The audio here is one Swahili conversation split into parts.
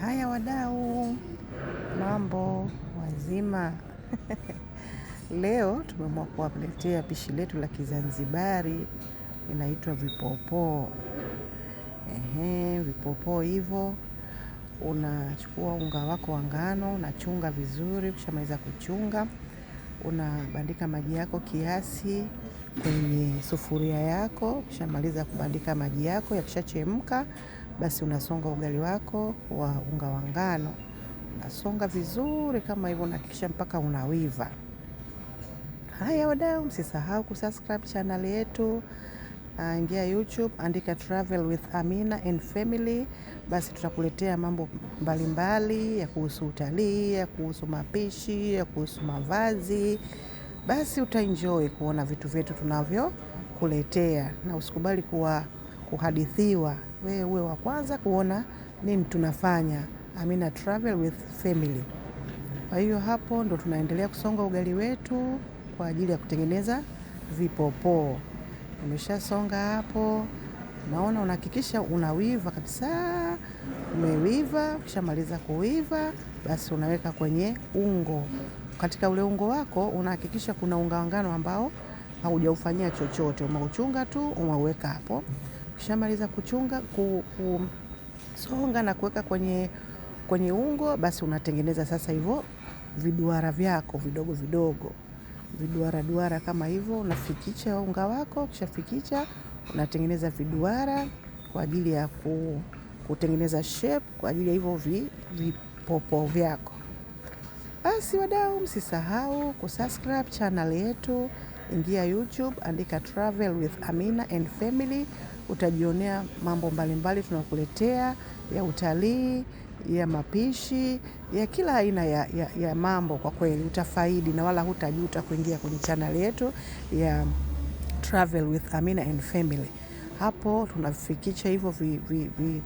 Haya wadau, mambo wazima. Leo tumeamua kuwaletea pishi letu la Kizanzibari, inaitwa vipopoo. Ehe, vipopoo hivyo unachukua unga wako wa ngano, unachunga vizuri. Ukishamaliza kuchunga, unabandika maji yako kiasi kwenye sufuria yako, kishamaliza kubandika maji yako, yakishachemka basi unasonga ugali wako wa unga wa ngano, unasonga vizuri kama hivyo, unahakikisha mpaka unawiva. Haya wadau, msisahau kusubscribe channel yetu. Uh, ingia YouTube andika Travel with Amina and Family, basi tutakuletea mambo mbalimbali mbali, ya kuhusu utalii, ya kuhusu mapishi, ya kuhusu mavazi basi utaenjoy kuona vitu vyetu tunavyokuletea, na usikubali kuwa kuhadithiwa, wewe uwe wa kwanza kuona nini tunafanya. Amina Travel with Family. Kwa hiyo hapo ndo tunaendelea kusonga ugali wetu kwa ajili ya kutengeneza vipopoo. Umeshasonga hapo, naona unahakikisha unawiva kabisa, umewiva. Ukishamaliza kuwiva, basi unaweka kwenye ungo katika ule ungo wako unahakikisha kuna unga wa ngano ambao haujaufanyia chochote, umeuchunga tu umeuweka hapo. Ukishamaliza kuchunga kusonga na kuweka kwenye, kwenye ungo, basi unatengeneza sasa hivyo viduara vyako vidogo vidogo viduara duara kama hivyo, unafikicha unga wako. Ukishafikicha unatengeneza viduara kwa ajili ya kutengeneza shape kwa ajili ya hivyo vipopo vyako. Basi wadau, msisahau kusubscribe channel yetu, ingia YouTube, andika Travel with Amina and Family, utajionea mambo mbalimbali tunakuletea ya utalii, ya mapishi, ya kila aina ya, ya, ya mambo. Kwa kweli utafaidi na wala hutajuta kuingia kwenye channel yetu ya Travel with Amina and Family. Hapo tunafikisha hivyo vi, vi, vi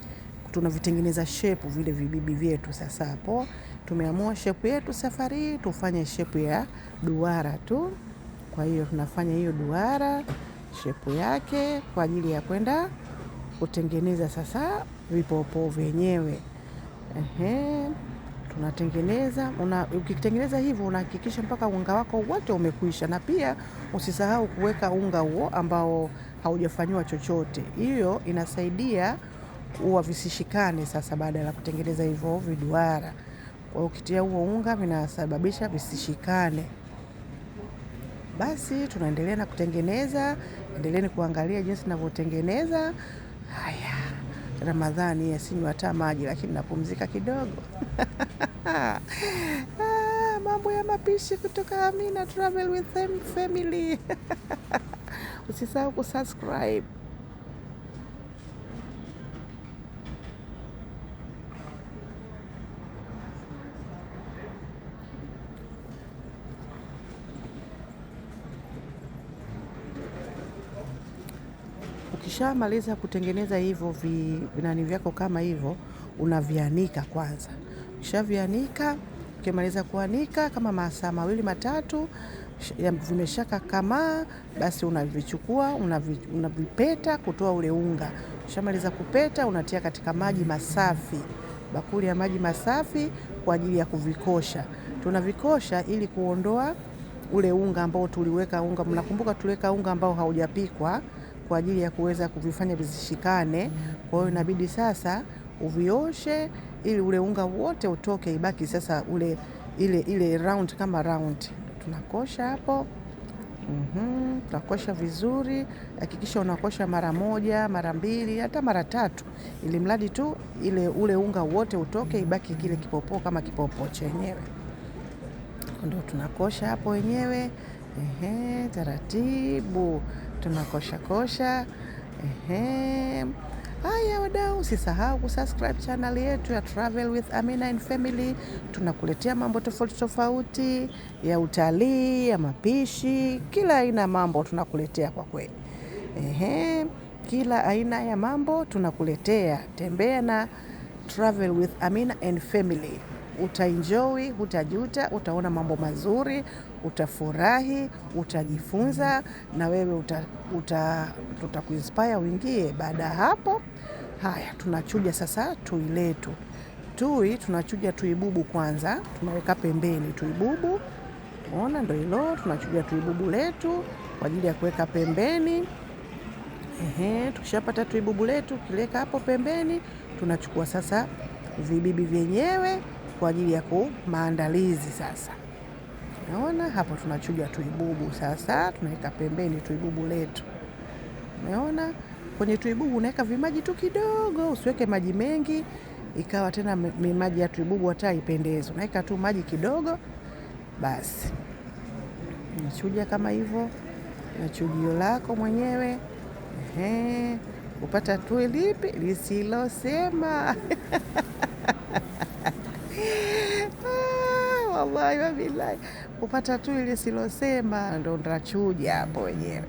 tunavitengeneza shepu vile vibibi vyetu. Sasa hapo tumeamua shepu yetu safari tufanye shepu ya duara tu. Kwa hiyo tunafanya hiyo duara shepu yake kwa ajili ya kwenda kutengeneza sasa vipopo vyenyewe. Ehe, tunatengeneza una, ukitengeneza hivyo unahakikisha mpaka unga wako wote umekwisha, na pia usisahau kuweka unga huo ambao haujafanyiwa chochote. Hiyo inasaidia huwa visishikane sasa, baada ya kutengeneza hivyo viduara. Kwa hiyo ukitia huo unga vinasababisha visishikane. Basi tunaendelea na kutengeneza, endeleeni kuangalia jinsi ninavyotengeneza. Haya, Ramadhani yasinywa hata maji, lakini napumzika kidogo ah, mambo ya mapishi kutoka Amina Travel with Family. Usisahau kusubscribe. Ukishamaliza kutengeneza hivyo vinani vyako kama hivyo, unavianika kwanza. Ukishavianika, ukimaliza kuanika kama masaa mawili matatu vimeshaka kamaa, basi unavichukua unavipeta kutoa ule unga. Ukishamaliza kupeta, unatia katika maji masafi, bakuli ya maji masafi kwa ajili ya kuvikosha. Tunavikosha ili kuondoa ule unga ambao tuliweka unga. Mnakumbuka tuliweka unga ambao haujapikwa kwa ajili ya kuweza kuvifanya vizishikane. Kwa hiyo inabidi sasa uvioshe ili ule unga wote utoke, ibaki sasa ule ile ile round kama round. Tunakosha hapo. Mm-hmm. Tunakosha vizuri, hakikisha unakosha mara moja, mara mbili, hata mara tatu, ili mradi tu ile ule unga wote utoke, ibaki kile kipopo kama kipopo chenyewe, ndio tunakosha hapo wenyewe. Ehe, taratibu tunakosha kosha. Ehe. Haya wadau, usisahau kusubscribe channel yetu ya Travel with Amina and Family. Tunakuletea mambo tofauti tofauti ya utalii, ya mapishi, kila aina mambo tunakuletea kwa kweli. Ehe, kila aina ya mambo tunakuletea. Tembea na Travel with Amina and Family, utaenjoy, utajuta, utaona mambo mazuri utafurahi, utajifunza na wewe uta, uta, tutakuinspire uingie. Baada ya hapo, haya tunachuja sasa tui letu. Tui tunachuja tuibubu kwanza, tunaweka pembeni tuibubu. Ona ndo hilo, tunachuja tuibubu letu kwa ajili ya kuweka pembeni. Ehe, tukishapata tuibubu letu kileka hapo pembeni, tunachukua sasa vibibi vyenyewe kwa ajili ya maandalizi sasa Unaona hapo, tunachuja tuibubu sasa, tunaweka pembeni tuibubu letu. Umeona kwenye tuibubu unaweka vimaji tu kidogo, usiweke maji mengi ikawa tena maji ya tuibubu hata ipendeze. Unaweka tu maji kidogo, basi nachuja kama hivyo na chujio lako mwenyewe. Ehe, upata tui lipi lisilosema wallahi billahi, upata tu ile silosema, ndo ndachuja hapo wenyewe.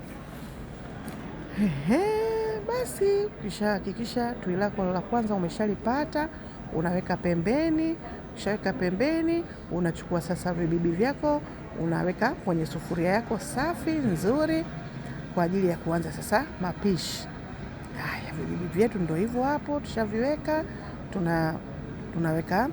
Basi kisha hakikisha tui lako la kwanza umeshalipata, unaweka pembeni. Ushaweka pembeni, unachukua sasa vibibi vyako unaweka kwenye sufuria yako safi nzuri kwa ajili ya kuanza sasa mapishi haya. Vibibi vyetu ndo hivyo hapo, tushaviweka tuna tunaweka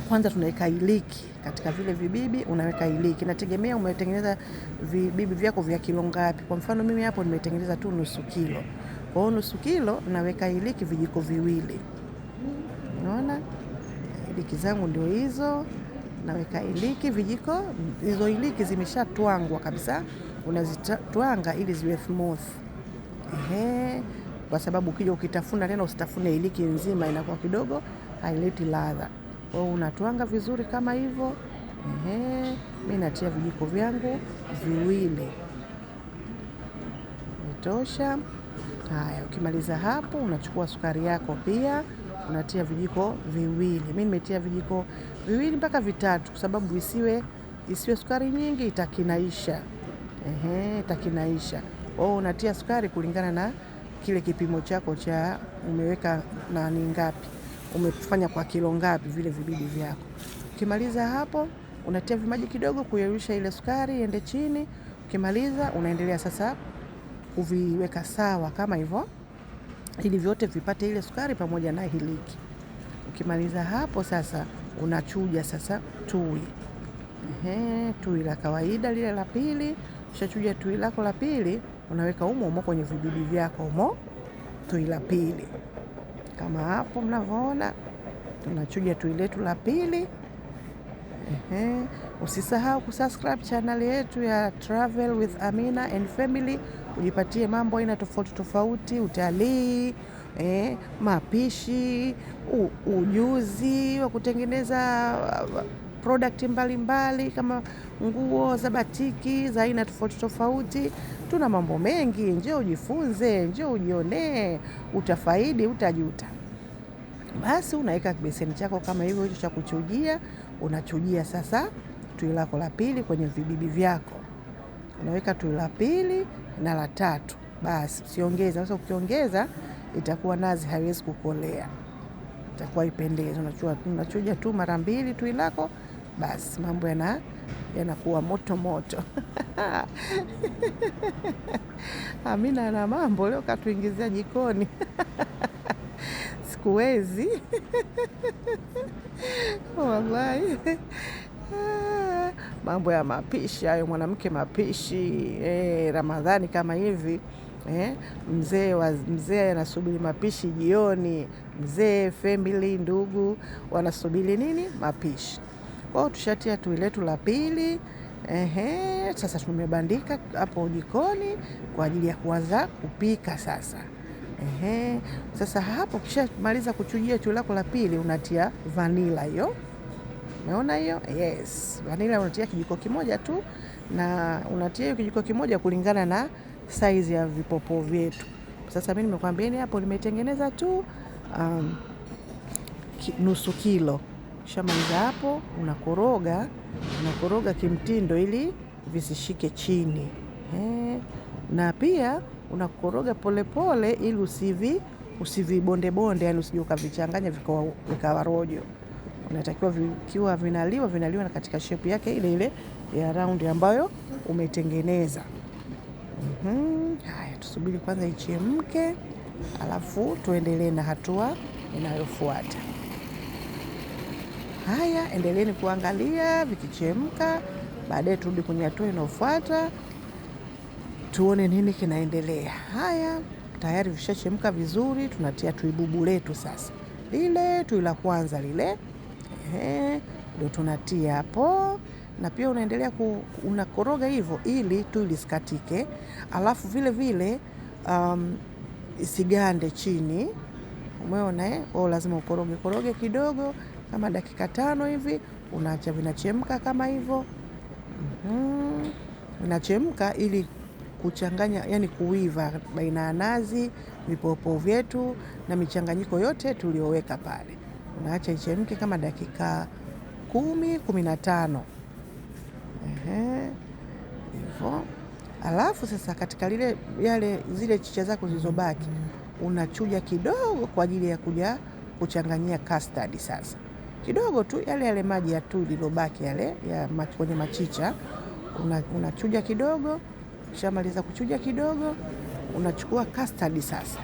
kwanza tunaweka iliki katika vile vibibi, unaweka iliki. Nategemea umetengeneza vibibi vyako vya kilo ngapi. Kwa mfano mimi hapo nimetengeneza tu nusu kilo, kwa hiyo nusu kilo naweka iliki vijiko viwili. Unaona, iliki zangu ndio hizo, naweka iliki vijiko. Hizo iliki zimeshatwangwa kabisa, unazitwanga ili ziwe smooth. Ehe, kwa sababu ukija ukitafuna tena usitafune iliki nzima, inakuwa kidogo haileti ladha. Kwa hiyo unatwanga vizuri kama hivyo. Ehe, mi natia vijiko vyangu viwili vitosha. Haya, ukimaliza hapo, unachukua sukari yako pia unatia vijiko viwili. Mi nimetia vijiko viwili mpaka vitatu, kwa sababu isiwe isiwe sukari nyingi, itakinaisha. Ehe, itakinaisha. Kwa hiyo unatia sukari kulingana na kile kipimo chako cha umeweka nani ngapi umefanya kwa kilo ngapi vile vibidi vyako. Ukimaliza hapo, unatia vimaji kidogo kuyeyusha ile sukari iende chini. Ukimaliza unaendelea sasa kuviweka sawa kama hivyo, ili vyote vipate ile sukari pamoja na hiliki. Ukimaliza hapo sasa, unachuja sasa tui. Ehe, tui la kawaida lile la pili. Ushachuja tui lako la pili, unaweka umo umo kwenye vibidi vyako umo tui la pili kama hapo mnavyoona, tunachuja tui letu la pili. Ehe, usisahau kusubscribe channel yetu ya Travel with Amina and Family, ujipatie mambo aina tofauti tofauti, utalii eh, mapishi, ujuzi wa kutengeneza product mbalimbali kama nguo za batiki za aina tofauti tofauti. Tuna mambo mengi, njoo ujifunze, njoo ujionee, utafaidi, utajuta. Basi unaweka kibeseni chako kama hivyo hicho cha kuchujia, unachujia sasa tui lako la pili kwenye vibibi vyako, unaweka tui la pili na la tatu. Basi usiongeze, sasa ukiongeza itakuwa nazi haiwezi kukolea itakuwa Unachua, Unachuja tu mara mbili tu ilako, basi mambo yana yanakuwa moto moto. Amina ah, na mambo leo katuingizia jikoni sikuwezi wallahi. Ah, mambo ya mapishi hayo, mwanamke mapishi. Eh, Ramadhani kama hivi eh, mzee mzee anasubiri mapishi jioni, mzee family, ndugu wanasubiri nini? Mapishi. kwao tushatia tui letu la pili. Ehe, sasa tumebandika hapo jikoni kwa ajili ya kuanza kupika sasa. Ehe, sasa hapo kishamaliza kuchujia tui lako la pili unatia vanila hiyo. Umeona hiyo? Yes, vanila unatia kijiko kimoja tu, na unatia hiyo kijiko kimoja kulingana na size ya vipopo vyetu. Sasa mimi nimekwambieni hapo nimetengeneza tu um, ki, nusu kilo. Shamaliza hapo unakoroga, unakoroga kimtindo ili visishike chini he. Eh, na pia unakoroga polepole ili usivi usivibondebonde, yani usije ukavichanganya vikawa rojo. Unatakiwa vikiwa vinaliwa vinaliwa katika shepu yake ile ile ya raundi ambayo umetengeneza. Mm, haya tusubiri kwanza ichemke, alafu tuendelee na hatua inayofuata. Haya, endeleeni kuangalia vikichemka, baadaye turudi kwenye hatua inayofuata tuone nini kinaendelea. Haya, tayari vishachemka vizuri, tunatia tuibubu letu sasa, lile tui la kwanza lile, ndo ndio tunatia hapo na pia unaendelea ku, unakoroga hivyo ili tu lisikatike, alafu vile vile um, isigande chini. Umeona eh? O, lazima ukoroge koroge kidogo kama dakika tano hivi, unaacha vinachemka kama hivyo mm-hmm. Vinachemka ili kuchanganya yani kuiva baina ya nazi, vipopo vyetu na michanganyiko yote tulioweka pale. Unaacha ichemke kama dakika kumi, kumi na tano hivyo. Alafu sasa katika lile yale zile chicha zako zilizobaki unachuja kidogo kwa ajili ya kuja kuchanganyia custard sasa kidogo tu yale yale maji ya tu lilobaki yale ya kwenye machicha unachuja una kidogo, kishamaliza kuchuja kidogo, unachukua custard sasa.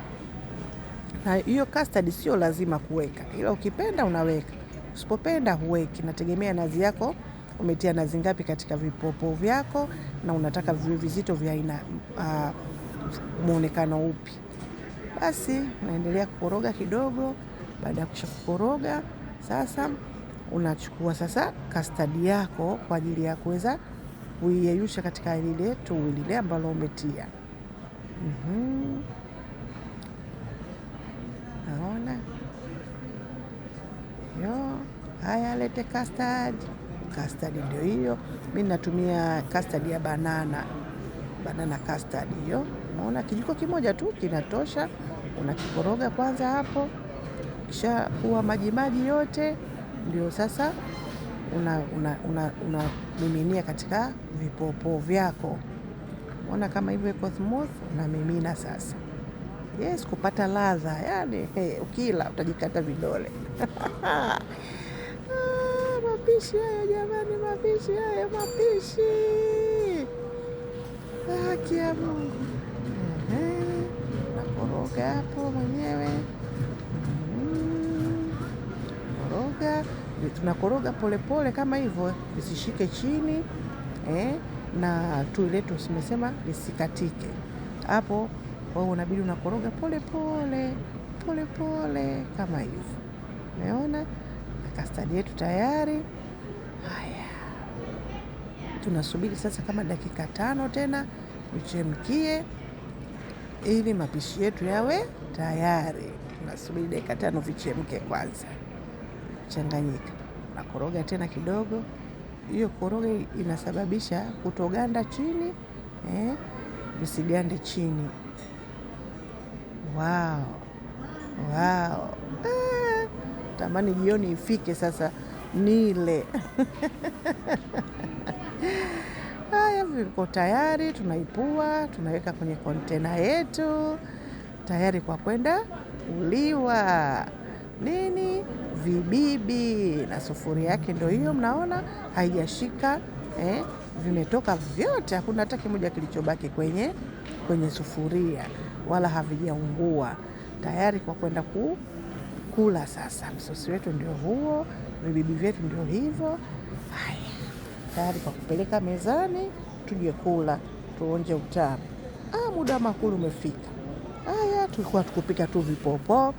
Na hiyo custard sio lazima kuweka, ila ukipenda unaweka, usipopenda huweki, nategemea nazi yako umetia nazi ngapi katika vipopo vyako na unataka viwe vizito vya aina uh, ah, muonekano upi. Basi unaendelea kukoroga kidogo. Baada ya kusha kukoroga, sasa unachukua sasa kastadi yako kwa ajili ya kuweza kuiyeyusha katika lile tui lile ambalo umetia. mm-hmm. Naona yo haya, lete kastadi custard ndio hiyo. mi natumia custard ya banana, banana custard hiyo. Unaona, kijiko kimoja tu kinatosha. Unakikoroga kwanza hapo, kisha kuwa maji maji yote, ndio sasa unamiminia una, una, una katika vipopo vyako. Unaona kama hivyo iko smooth, unamimina sasa. Yes, kupata ladha yani, hey, ukila utajikata vidole mapishi haya jamani, mapishi haya, mapishi haki ah, ya Mungu. Nakoroga hapo mwenyewe hmm, koroga, tunakoroga polepole kama hivyo, eh, isishike chini eh, na tuiletu simesema lisikatike hapo. Wewe unabidi unakoroga polepole polepole pole, kama hivyo. Umeona, na kastadi yetu tayari tunasubiri sasa kama dakika tano tena vichemkie ili mapishi yetu yawe tayari. Tunasubiri dakika tano vichemke kwanza, changanyika na koroga tena kidogo. Hiyo koroga inasababisha kutoganda chini eh, visigande chini. Wow, wow. Ah, tamani jioni ifike sasa nile iko tayari, tunaipua tunaweka kwenye kontena yetu tayari kwa kwenda kuliwa. Nini vibibi, na sufuria yake ndio hiyo, mnaona haijashika eh, vimetoka vyote, hakuna hata kimoja kilichobaki kwenye, kwenye sufuria wala havijaungua, tayari kwa kwenda ku, kula. Sasa msosi wetu ndio huo, vibibi vyetu ndio hivyo, haya tayari kwa kupeleka mezani tuje kula tuonje utamu. Ah, muda wa umefika. Haya, tulikuwa tukupika tu vipopo,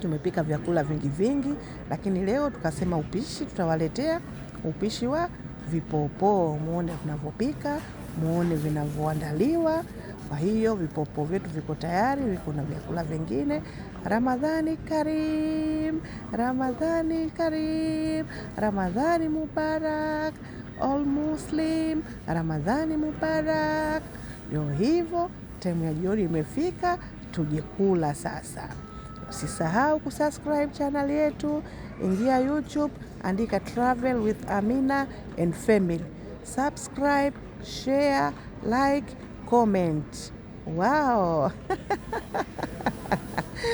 tumepika vyakula vingi vingi, lakini leo tukasema upishi, tutawaletea upishi wa vipopo, muone vinavyopika, muone vinavyoandaliwa. Kwa hiyo vipopo vyetu viko tayari, viko na vyakula vingine. Ramadhani Karim, Ramadhani Karim, Ramadhani Mubarak all muslim, Ramadhani Mubarak. Ndio hivyo, taimu ya jioni imefika, tujikula sasa. Usisahau kusubscribe channel yetu, ingia YouTube, andika Travel with Amina and Family, subscribe, share, like, comment. Wow!